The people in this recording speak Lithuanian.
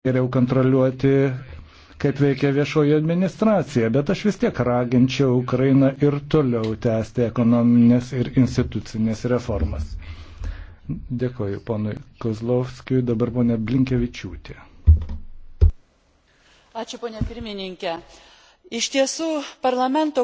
geriau kontroliuoti, kaip veikia viešoji administracija, bet aš vis tiek raginčiau Ukrainą ir toliau tęsti ekonominės ir institucinės reformas. Dėkoju ponui Kozlovskijui, dabar ponė Blinkevičiūtė. Ačiū ponė pirmininkė. Iš tiesų, parlamento